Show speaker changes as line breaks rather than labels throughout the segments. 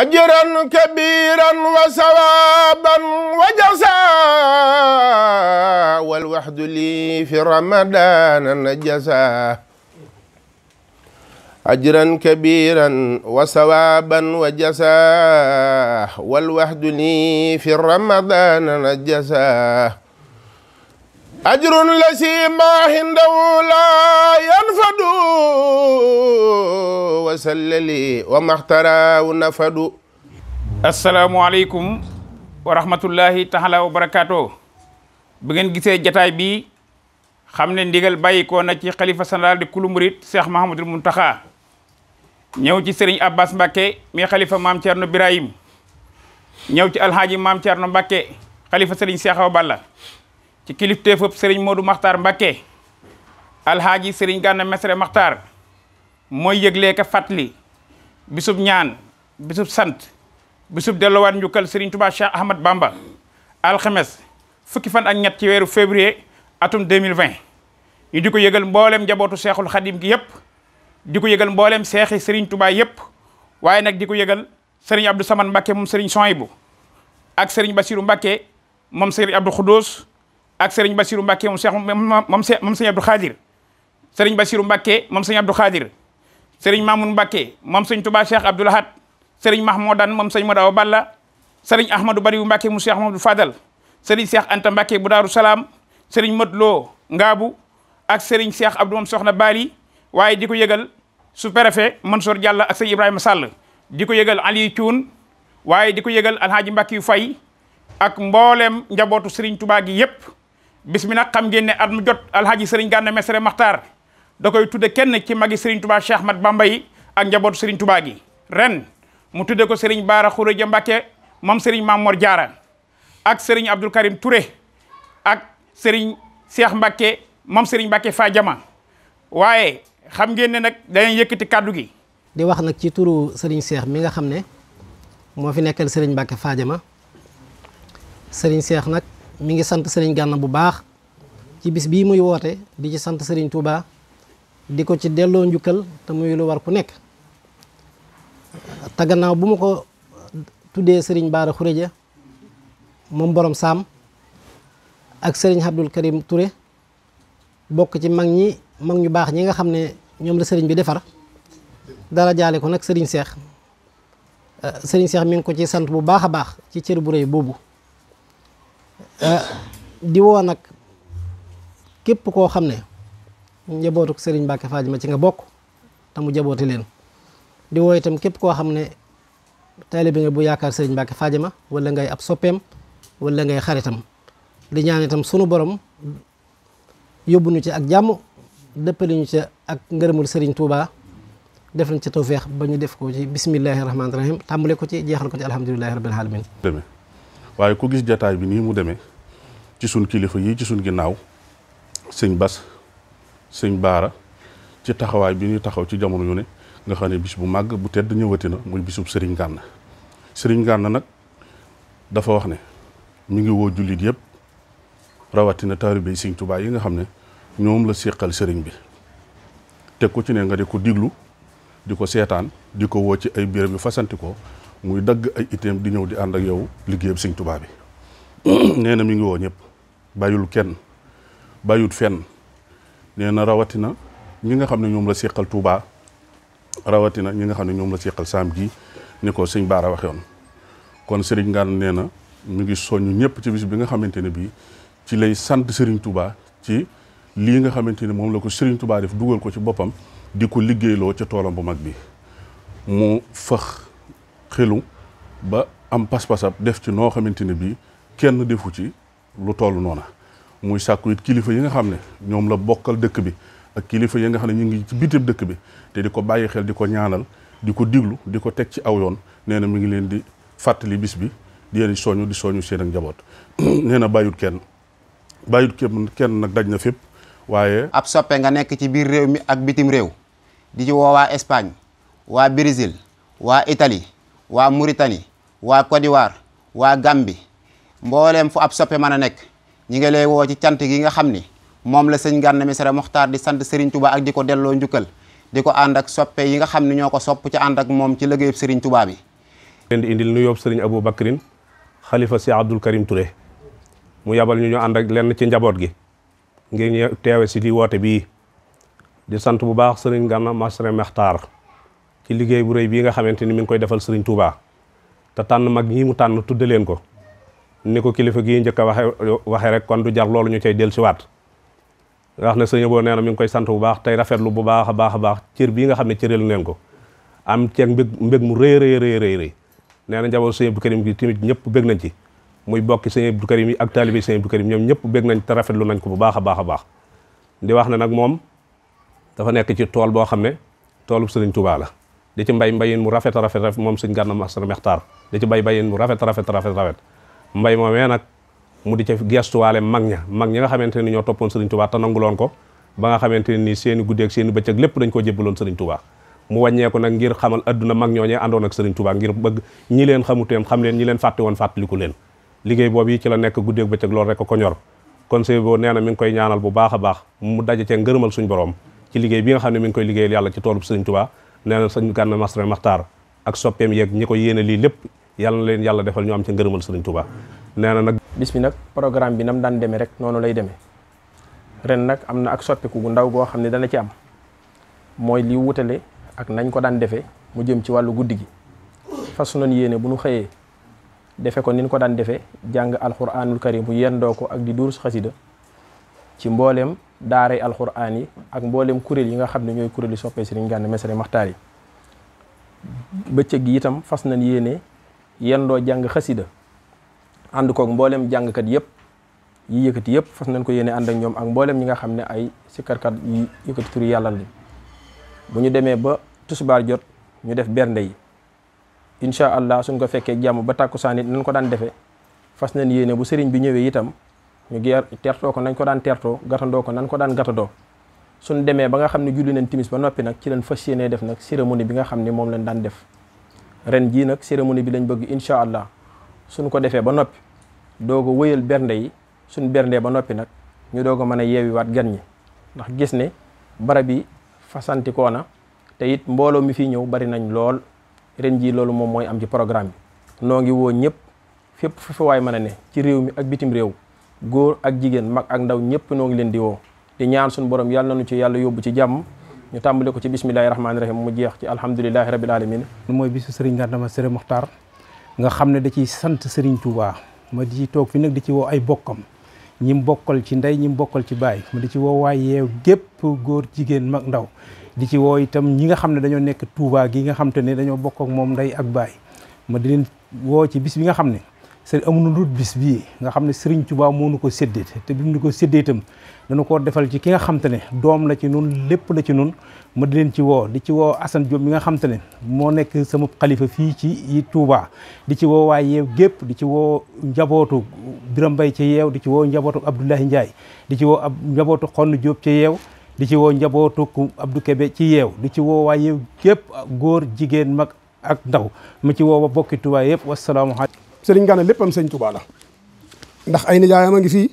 أجرا
كبيرا وثوابا وجزاء والوحد
لي في رمضان نجزا أجرا كبيرا وثوابا وجزاء والوحد لي في رمضان نجزا أجر لسي ما هنده لا wasallali wa maxtaraaw nafadu
asalaamualeykum wa rahmatullahi taala wa barakaatu bu ngeen gisee jataay bi xam ne ndigal bàyyikoo na ci xalifa général di kulu murit Cheikh ñëw ci sëriñ Abbas Mbacke mi xalifa maam Thierno Birahim ñëw ci alhaaji maam Thierno Mbacke xalifa sëriñ Cheikh Awa Balla ci kilifteefu sëriñ Modou Maxtaar Mbacke alhaaji sëriñ Gana Mesere Maxtaar mooy yëglee ka fàttali bisub ñaan bisub sant bisub delluwaat njukkal Serigne Touba Cheikh Ahmad Bamba alxames fukki fan ak ñett ci weeru février atum 2020 ñu di ko yëgal mboolem njabootu seexul xadim gi yëpp di ko yëgal mboolem seexi Serigne Touba yëpp waaye nag di ko yëgal Serigne Abdou Samane Mbakke moom Serigne Soyibu ak Serigne Bassirou Mbakke moom Serigne Abdou Khoudous ak Serigne Bassirou Mbakke moom Cheikh moom moom Serigne Abdou Khadir Serigne Bassirou Mbakke moom Serigne Abdou sëriñ Mamoun Mbakke moom tubaa Touba Cheikh Abdoul Ahad sëriñ Mahmoudan moom sëñ Modou Awa Balla sëriñ Ahmadou Bariou Mbakke mu Cheikh Mamadou Fadal sëriñ Cheikh Anta Mbakke bu Daaru Salaam sëriñ Modou Lo Ngaabu ak sëriñ Cheikh Abdou moom soxna Bali waaye di ko yëgal sous-préfet Mansour Diallo ak sëñ Ibrahima Sall di ko yëgal Aliou Thioune waaye di ko yëgal Alhaji Mbakke yu fay ak mbooleem njabootu sëriñ Touba gi yëpp bis mi nag xam ngeen ne mu jot Alhaji sëriñ Gana Messere Maxtaar da koy tudde kenn ci magi Serigne Touba Cheikh Ahmad Bamba yi ak njaboot sëriñ tubaa gi ren mu tudde ko Serigne Baara a Mbacké moom Serigne Mamor Diarra ak sëriñ Abdoul Karim Touré ak sëriñ Cheikh Mbacké moom Serigne Mbacké fa jama waaye xam ngeen ne nag danañ yëkkati kàddu gi.
di wax nag ci turu Serigne Cheikh mi nga xam ne moo fi nekkal Serigne Mbacké Fadiama sëriñ Cheikh nag mi ngi sant Serigne Gana bu baax ci bis bii muy woote di ci sant Serigne Touba. di ko ci delloo njukkal te muy lu war ku nekk taganaaw bu ma ko tuddee sëriñ Baara Xureja moom borom saam ak sëriñ Abdul Karim ture bokk ci mag ñi mag ñu baax ñi nga xam ne ñoom la sëriñ bi defar dara jaale ko nag sëriñ Seex sëriñ Seex mi ngi ko ci sant bu baax a baax ci cër bu rëy boobu euh, di woo nag képp koo xam ne njabootuk Serigne Mbacke Fadima ci nga bokk te mu jabooti leen di woo képp koo xam ne taalibe nga bu yaakaar Serigne Mbacke Fadima wala ngay ab soppeem walla ngay xaritam di ñaan sunu borom yóbbu ñu ci ak jàmm dëppali ñu ci ak ngërëmul sëriñ Touba def nañ ci tawféex ba ñu def ko ci bismillahi rahmaani rahim tàmbale ko ci jeexal ko ci alhamdulillahi rabbil alamin
demee waaye ku gis jataay bi nii mu demee ci sun kilifa yi ci sun ginnaaw sëñ Bas sëñ Baara ci taxawaay bi ñuy taxaw ci jamono yu ne nga xam ne bis bu màgg bu tedd ñëwatina na muy bisub Serigne Gana Serigne Gana nag dafa wax ne mi ngi woo jullit yëpp rawatina taalibe yi sëñ Tuubaa yi nga xam ne ñoom la séqal sëriñ bi teg ko ci ne nga de ko diglu di ko seetaan di ko woo ci ay béréb yu fasanti ko muy dagg ay itam di ñëw di ànd ak yow liggéeyam sëñ Tuubaa bi nee mu ngi woo ñëpp bayul kenn bàyyut fenn nee na rawatina ñi nga xam ne ñoom la seqal Touba rawatina ñi nga xam ne ñoom la seqal saam gi ni ko sëñ Baara waxee woon kon Serigne Ngane nee na mu ngi soññ ñëpp ci bis bi nga xamante ne bii ci lay sant Serigne Touba ci lii nga xamante ne moom la ko Serigne Touba def dugal ko ci boppam di ko liggéeyloo ca toolam bu mag bi mu fax xelu ba am pas-pasab def ci noo xamante ne bii kenn defu ci lu toll noona muy sàkku it kilifa yi nga xam ne ñoom la bokkal dëkk bi ak kilifa yi nga xam ne ñu ngi ci bitim dëkk bi te di ko bàyyi xel di ko ñaanal di ko diglu di ko teg ci aw yoon nee na mi ngi leen di fàttali bis bi di leen di soñu seen ak nee na bàyyut kenn
bàyyut kenn kenn nag daj na fépp waaye. ab soppe nga nekk ci biir réew mi ak bitim réew di ci woo waa Espagne waa Brésil waa Italie waa Mauritanie waa Côte d'Ivoire waa Gambie mbooleem fu ab soppe mën a nekk. ñi nga lay woo ci cant gi nga xam ni moom la sëñ Gana Messere Mokhtar di sant Serigne tubaa ak di ko delloo njukkal di ko ànd ak soppe yi nga xam ne ñoo ko sopp ci ànd ak moom ci liggéeyub sëriñ tubaa bi.
leen di indil nuyoo Serigne Abou xalifa si Abdoul mu yabal ñu ñu ànd ak lenn ci njaboot gi ngir ñu teewe woote bii di sant bu baax sëriñ Gana Messere Mokhtar ci liggéey bu rëy bii nga xamante ni mi ngi koy defal Serigne Touba te tànn mag ñii mu tànn tudde leen ko. ni ko kilifa gii njëkk a waxe waxe rek kon du jar loolu ñu cay dellusiwaat nga xam ne sëñ boo nee na mi ngi koy sant bu baax tey rafetlu bu baax a baax a baax cër bii nga xam ne cëral neen ko am ceeg mbég mbég mu rëy rëy rëy rëy rëy nee na bu sëñ Abdou Karim gi tamit ñëpp bëgg nañ ci muy bokki sëñ bu Karim yi ak taalibe sëñ Abdou Karim ñoom ñëpp bég nañ te rafetlu nañ ko bu baax a baax a baax di wax ne nag moom dafa nekk ci tool boo xam ne toolu sëriñ Touba la di ci mbay mbayin mu rafet rafet rafet moom sëñ Gana Messere Maxtaar di ci bay mbayin mu rafet rafet rafet rafet mbay moomee nag mu di ca gestuwaale mag ña mag ñi nga xamante ni ñoo toppoon Serigne Touba te nanguloon ko ba nga xamante ni seeni guddeeg seeni bëccëg lépp dañ koo jébbaloon Serigne Touba mu wàññeeku nag ngir xamal adduna mag ñooñee àndoon ak Serigne Touba ngir bëgg ñi leen xamuteen xam leen ñi leen fàtte woon fàttaliku leen liggéey boobu yi ci la nekk guddeeg bëccëg loolu rek ko ñor conseil boo nee na mi ngi koy ñaanal bu baax a baax mu daje cee ngërëmal suñ borom ci liggéey bi nga xam ne mi ngi koy liggéeyal yàlla ci toolub Serigne Touba nee na sëñ Gana Messere Maxtaar ak soppeem yeeg ko yéene lii
lépp yàlla leen yàlla defal ñu am ca ngërëmal sëriñ Touba nee na nag. bis bi nag programme bi nam daan demee rek noonu lay demee ren nag am na ak soppiku gu ndaw goo xam ne dana ci am mooy li wutale ak nañ ko daan defee mu jëm ci wàllu guddi gi fasu nañ yéene bu nu xëyee defe ko nin ko daan defee jàng alxuraanul karim bu yendoo ko ak di durus xasida ci mbooleem daaray alxuraan yi ak mbooleem kuréel yi nga xam ne ñooy kuréel yi soppee Sëriñ Ganna Messere Maxtaar yi bëccëg gi itam fas yéene. yendoo jàng xasida ànd koog mboolem jàngkat yëpp yi yëkkati yëpp fas nañ ko yéene ànd ak ñoom ak mboolem ñi nga xam ne ay sikkarkat yi yëkkati turu yàlla lañ bu ñu demee ba tusbaar jot ñu def bernde yi incha allah suñ ko fekkee jàmm ba tàkkusaan it nañ ko daan defee fas nañ yéene bu sëriñ bi ñëwee itam ñu geer tertoo ko nañ ko daan tertoo gatandoo ko nañ ko daan gatandoo suñ demee ba nga xam ni julli nañ timis ba noppi nag ci leen fas yéenee def nag cérémonie bi nga xam ne moom lañ daan def ren jii nag cérémonie bi lañ bëgg incha allah suñ ko defee ba noppi doog a wëyal bernde yi suñ berndee ba noppi nag ñu doog a mën a yeewiwaat gan ñi ndax gis ne barab yi fasantikoo na te it mbooloo mi fii ñëw bari nañ lool ren jii loolu moom mooy am ci programme bi noo ngi woo ñëpp fépp fu fi waay mën a ne ci réew mi ak bitim réew góor ak jigéen mag ak ndaw ñëpp noo ngi leen di woo di ñaan suñu borom yàlla nañu ci yàlla yóbbu ci jàmm ñu tàmbale ko ci bismillahi rahmaani rahim mu jeex ci alhamdulilahi rabil alamin mooy bisu sëriñ Gàndama Sëriñ Muxtaar nga xam ne da ciy sant sëriñ Touba ma di ci toog fi nag di ci woo ay bokkam
ñi bokkal ci ndey ñi bokkal ci baay ma di ci woo waaye yeew gépp góor jigéen mag ndaw di ci woo itam ñi nga xam ne dañoo nekk Touba gi nga xam te ne dañoo bokk moom ndey ak baay ma di leen woo ci bis bi nga xam ne sëriñ amuñu lu bis bii nga xam ne sëriñ Tuubaa moo nu ko séddee te bi ko séddee itam dañu koo defal ci ki nga xam ne doom la ci nun lépp la ci nun ma di leen ci woo di ci woo Assane Diop mi nga xam te ne moo nekk sama xalifa fii ci yi Touba di ci woo waa yeew gépp di ci woo njabootu Biram Mbay ci yeew di ci woo njabootu Abdoulahi Ndiaye di ci woo ab njabootu Xonn Diop ci di ci woo njabootu Abdou Kébé ci yeew di ci woo waa yeew gépp góor jigéen mag ak ndaw ma ci woo ba bokki
Touba yëpp wasalaamaaleykum Serigne Gana léppam sëñ tubaala ndax ay nijaayam a ngi fii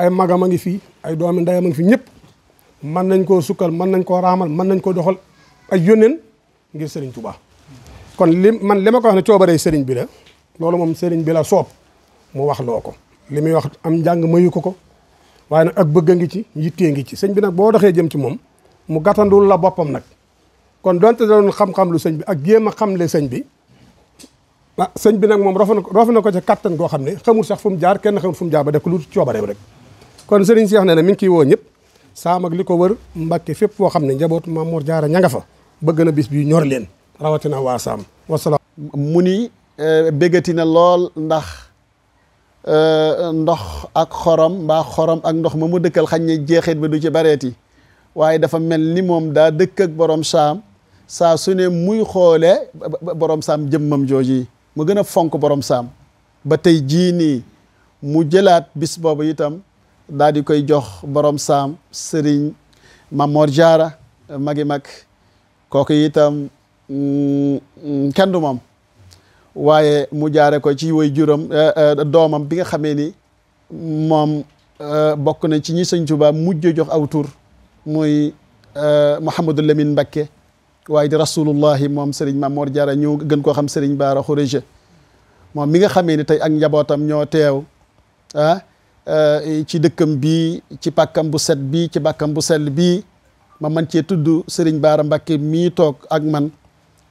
ay magam a ngi fii ay doomi ndeyam a ngi fii ñëpp mën nañ koo sukkal mën nañ koo raamal mën nañ koo doxal ay yónneen ngir sëriñ tubaa kon li man li ma ko wax ne coobaree Serigne bi la loolu moom Serigne bi la soob mu wax loo ko li muy wax am njàng mayu ko ko waaye nag ak bëgg a ngi ci yittee ngi ci sëñ bi nag boo doxee jëm ci moom mu gàttandul la boppam nag kon donte da doon xam-xam lu sëñ bi ak jéem a le sëñ bi ah sëñ bi nag moom roof na ko roof na ko ca kattan goo xam ne xamul sax fu mu jaar kenn xamul fu mu jaar ba def ko lu coobareem rek kon sëriñ Cheikh nee na mi ngi ciy woo ñëpp saam ak li ko wër Mbàkke fépp foo xam ne njabootu Maam Mor Jaara ña nga fa bëgg na bis bi ñor leen
rawatina waa saam
wasalaam mu
ni eh, béggati na lool ndax eh, ndox ak xorom mbaa xorom ak ndox ma mu dëkkal xañ ne jeexit ba du ci bareeti waaye dafa mel ni moom daa dëkk ak borom saam saa su ne muy xoole borom saam jëmmam jooji mu gën a fonk borom sam ba tey jii nii mu jëlaat bis boobu itam daal di koy jox borom sam sëriñ Mamor Jaara magi mag kooku itam mm, mm, kenn du moom waaye mu jaare ko ci way juram eh, eh, doomam bi nga xamee ni moom eh, bokk na ci ñi sëñ Tuubaa mujj jox aw tur muy Mouhamadou Lamine Mbakke waaye di rasulullahi moom Serigne Mame Mor ñëw gën koo xam Serigne Bara Khouréja moom mi nga xamee ni tey ak njabootam ñoo teew ah, eh, ci dëkkam bii ci pakkam bu set bii ci bàkkam bu sell bii ma man cee tudd Serigne Bara Mbacké mii toog ak man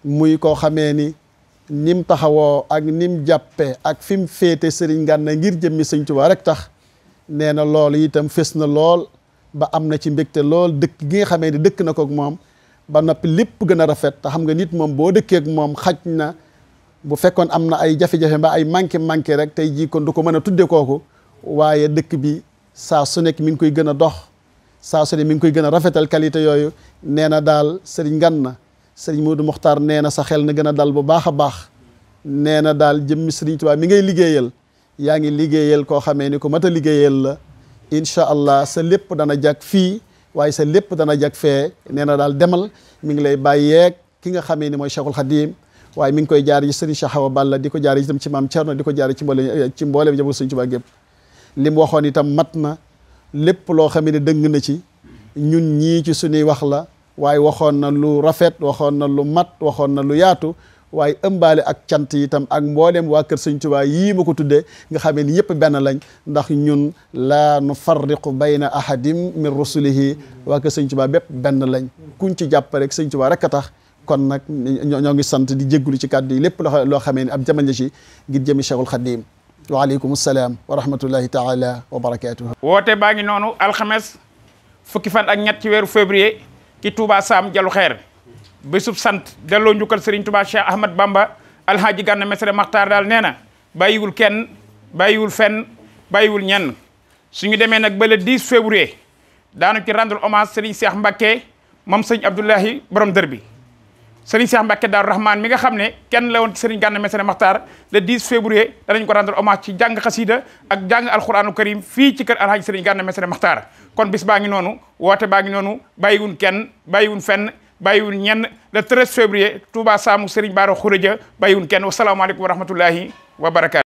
muy koo xamee ni nim taxawoo ak nim jàppe ak fi mu féete Serigne Gana ngir jëmmi Sëñ Tuubaa rek tax nee na loolu itam fës na lool ba am na ci mbégte lool dëkk gi nga xamee ni dëkk na kook moom ba noppi lépp gën a rafet te xam nga nit moom boo dëkkee moom xaj na bu fekkoon am na ay jafe-jafe mbaa ay manqué manqué rek tey jii kon du ko mën a tudde kooku waaye dëkk bi saa su nekk mi ngi koy gën a dox saa su ne mi ngi koy gën a rafetal qualité yooyu nee na daal sëriñ Ganna sëriñ Modou Mokhtar nee na sa xel na gën a dal bu baax a baax nee na daal jëmmi sëriñ Tuubaa mi ngay liggéeyal yaa ngi liggéeyal koo xamee ni ko mat a liggéeyal la incha allah sa lépp dana jag fii waaye sa lépp dana jag fee nee na daal demal mi ngi lay bàyyeeg ki nga xamee ni mooy Cheikhul Khadim waaye mi ngi koy jaar ci Serigne Cheikh Awa Balla di ko jaar tam ci maam Thierno di ko jaar ci mboolem ci mboolem jabu Serigne Touba gépp li mu waxoon itam mat na lépp loo xam ne dëng na ci ñun ñii ci suñuy wax la waaye waxoon na lu rafet waxoon na lu mat waxoon na lu yaatu waaye ëmbaale ak cant yitam ak mboolem waa kër sëñ Tuubaa yii ma ko tuddee nga xamee ni yëpp benn lañ ndax ñun laa nu farriqu bayna ahadim min rusulihi waa kër sëñ Tuubaa bépp benn lañ kuñ ci jàpp rek sëñ Tuubaa rek a tax kon nag ñoo ngi sant di jéggulu ci kàddu yi lépp loo loo xamee ni ab jamal la ci ngir jëmi Cheikhul Xadim waaleykum salaam wa rahmatullahi taala wa barakaatuhu
woote baa ngi noonu alxames fukki fan ak ñett ci weeru février ki Touba Sam Jalu Xeer bésub sant delloo njukkal sëriñ Touba Cheikh Ahmad Bamba alhaaji Gana Messere Maxtaar daal nee na bàyyiwul kenn bàyyiwul fenn bàyyiwul ñenn suñu demee nag ba le 10 février daanu ci rendre hommage Serigne Cheikh mbakke moom sëñ Abdoulahi borom dër bi Serigne Cheikh Mbacké Daaru Rahman mi nga xam ne kenn la woon ci gànna Gana Messere Maxtaar le 10 février danañ ko rendre hommage ci jàng xasida ak jàng alquranu karim fii ci kër alhaaji Serigne Gana Messere Maxtaar kon baa ngi noonu woote baa ngi noonu bàyyiwun kenn bàyyiwun fenn bàyyiwul ñenn le 13 février Touba Saamu Serigne Bara Khourédia bàyyiwul kenn wasalaamaaleykum wa rahmatullahi wa barakaatu